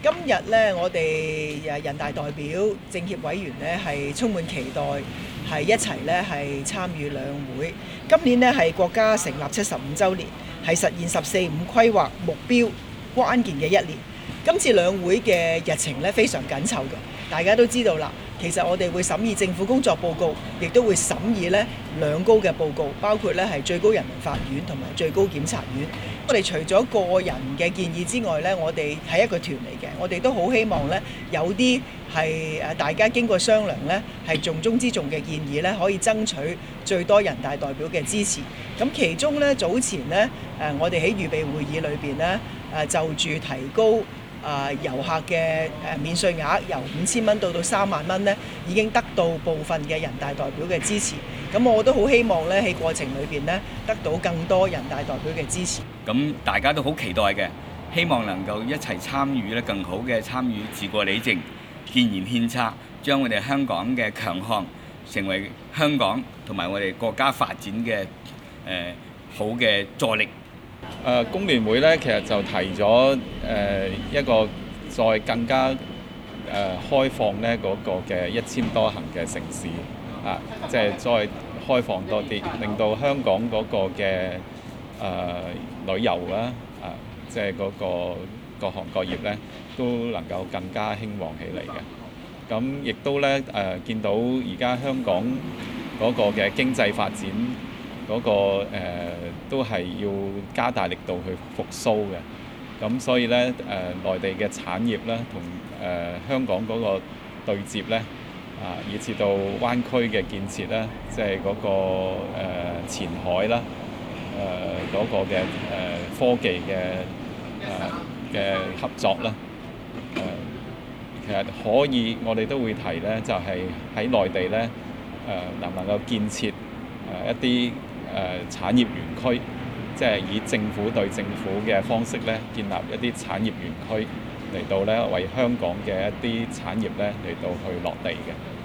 今日呢，我哋人大代表、政協委員呢，係充滿期待，係一齊呢，係參與兩會。今年呢，係國家成立七十五周年，係實現十四五規劃目標關鍵嘅一年。今次兩會嘅日程呢，非常緊湊嘅，大家都知道啦。其實我哋會審議政府工作報告，亦都會審議呢兩高嘅報告，包括呢係最高人民法院同埋最高檢察院。我哋除咗個人嘅建議之外呢，我哋係一個團嚟嘅，我哋都好希望呢，有啲係誒大家經過商量呢係重中之重嘅建議呢，可以爭取最多人大代表嘅支持。咁其中呢，早前呢，誒、啊、我哋喺預備會議裏邊呢，誒、啊、就住提高。啊！遊、呃、客嘅誒、呃、免稅額由五千蚊到到三萬蚊呢，已經得到部分嘅人大代表嘅支持。咁我都好希望呢喺過程裏邊呢，得到更多人大代表嘅支持。咁大家都好期待嘅，希望能夠一齊參與呢更好嘅參與治國理政建言獻策，將我哋香港嘅強項成為香港同埋我哋國家發展嘅、呃、好嘅助力。誒工聯會咧，其實就提咗誒一個再更加誒開放咧嗰個嘅一簽多行嘅城市啊，即係再開放多啲，令到香港嗰個嘅誒旅遊啦啊，即係嗰個各行各業咧都能夠更加興旺起嚟嘅。咁亦都咧誒見到而家香港嗰個嘅經濟發展嗰個誒。都係要加大力度去復甦嘅，咁所以呢，誒、呃，內地嘅產業呢同誒香港嗰個對接呢，啊、呃，以至到灣區嘅建設呢，即係嗰、那個、呃、前海啦，誒、呃、嗰、那個嘅誒、呃、科技嘅嘅、呃、合作啦、呃，其實可以，我哋都會提呢，就係喺內地呢，誒、呃、能唔能夠建設誒一啲。誒、呃，產業園區即係以政府對政府嘅方式咧，建立一啲產業園區嚟到咧，為香港嘅一啲產業咧嚟到去落地嘅。